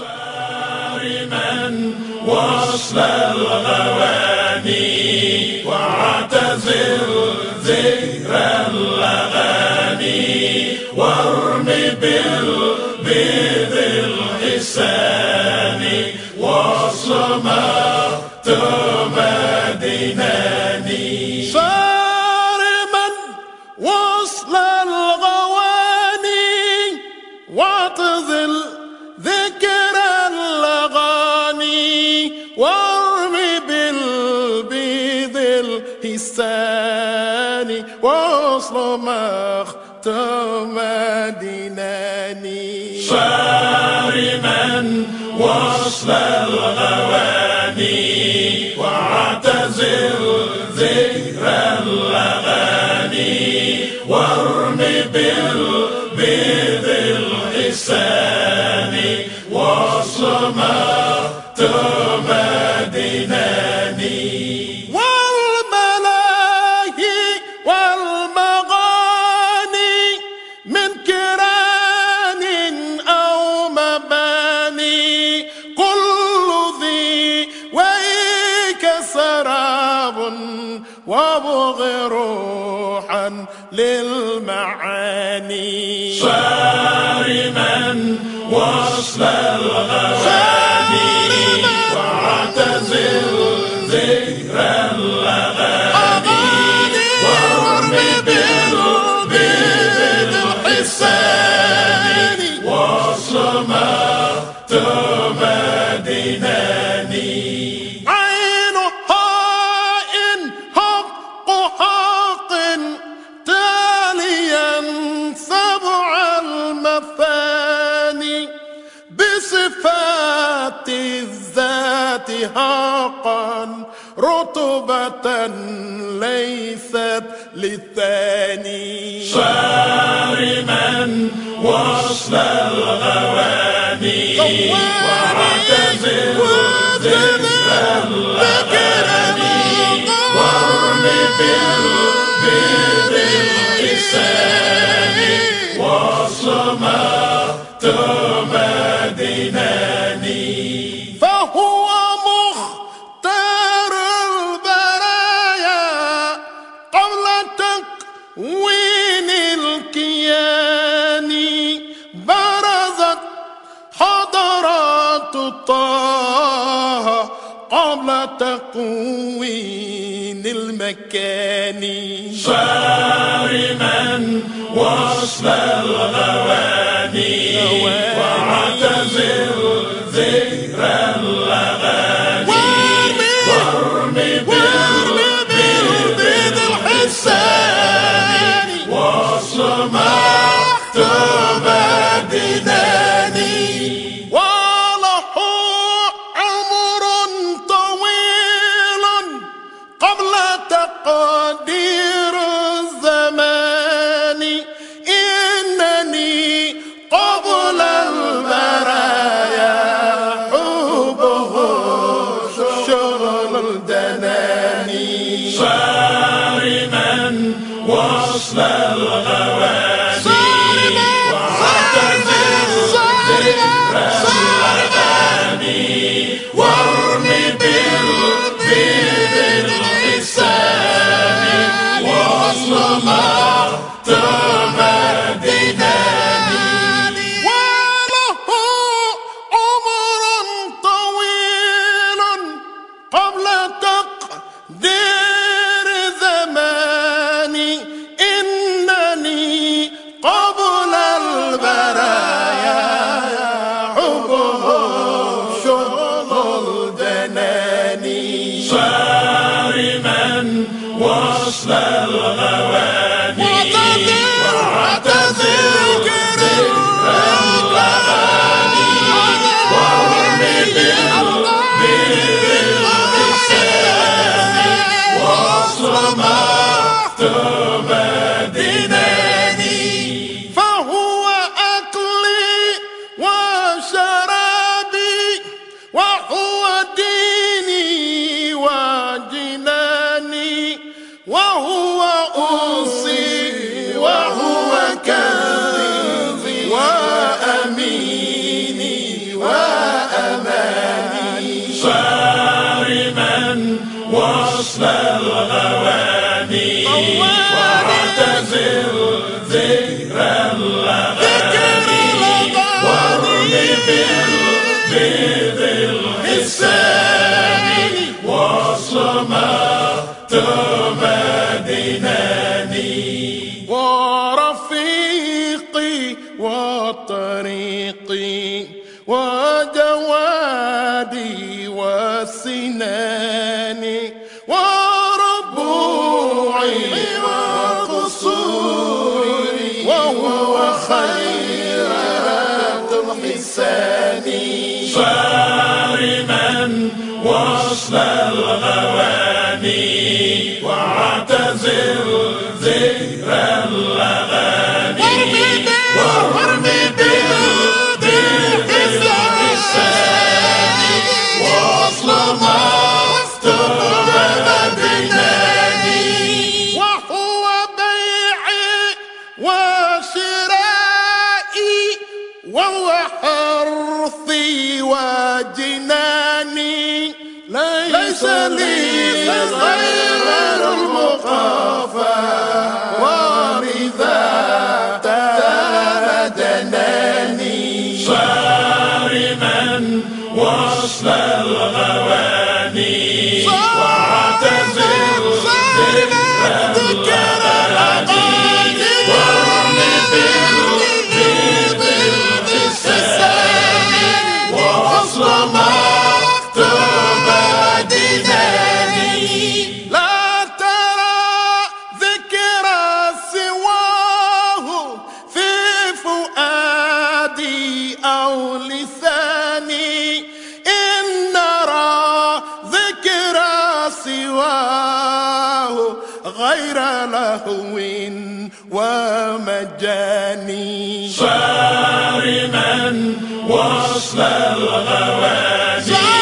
صارما وصل الغواني واعتزل ذكر الاغاني وارم بالبيض الحساني وصل ما ترى اختم ديناني وصل الغواني واعتزل ذكر الاغاني وارمي بالبيت للمعاني صارما وصل الغواني شهاقا رطبة ليست للثاني صارما وصل الغواني واعتزل ذكر الغراني وارمي بالبئر تقوين المكان صارما وصف الغواني قدير وهو أوصي وهو كنظي وأميني وأماني صارما وصل الغواني واعتزل ذكر الأغاني وارمي بالبيض الحساني وصل خير عبد الحسان صارما وصل الغواني واعتذر ذكرى feels like سواه غير لهو ومجاني صارما وصل الغواني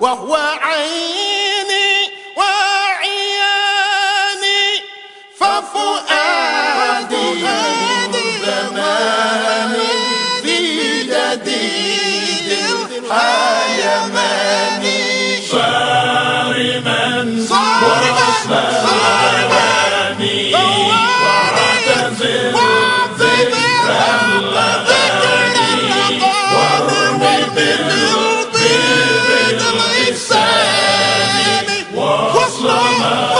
وهو عيني وعياني ففؤادي زمان في جديد الحياه Lord.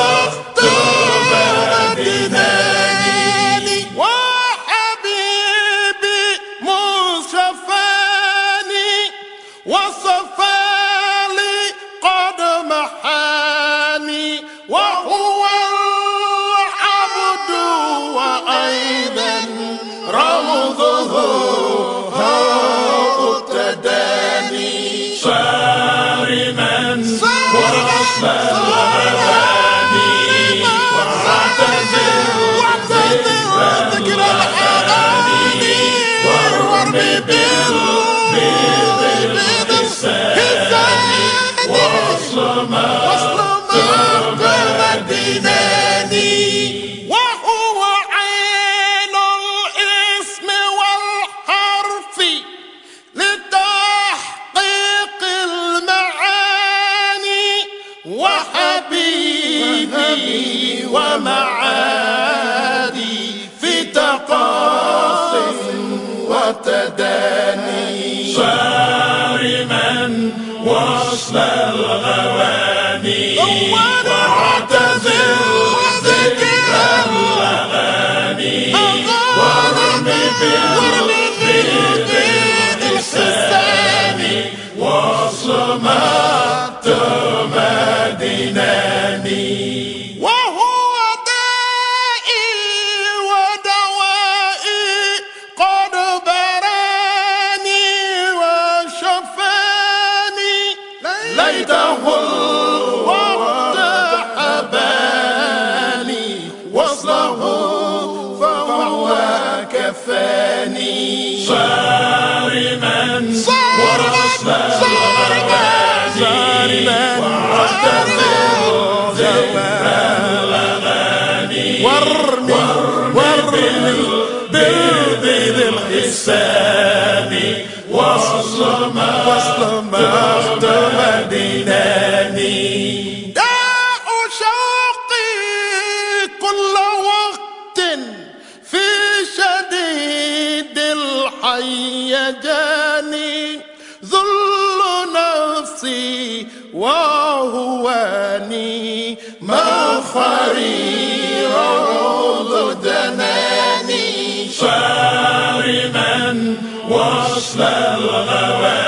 وتداني صارما وصل الغواني واعتزل ذكر الأغاني وارمي بالإحسان واصل ما تمادناني Sir. وهواني مفخري وعود دناني شارما وصل الغواني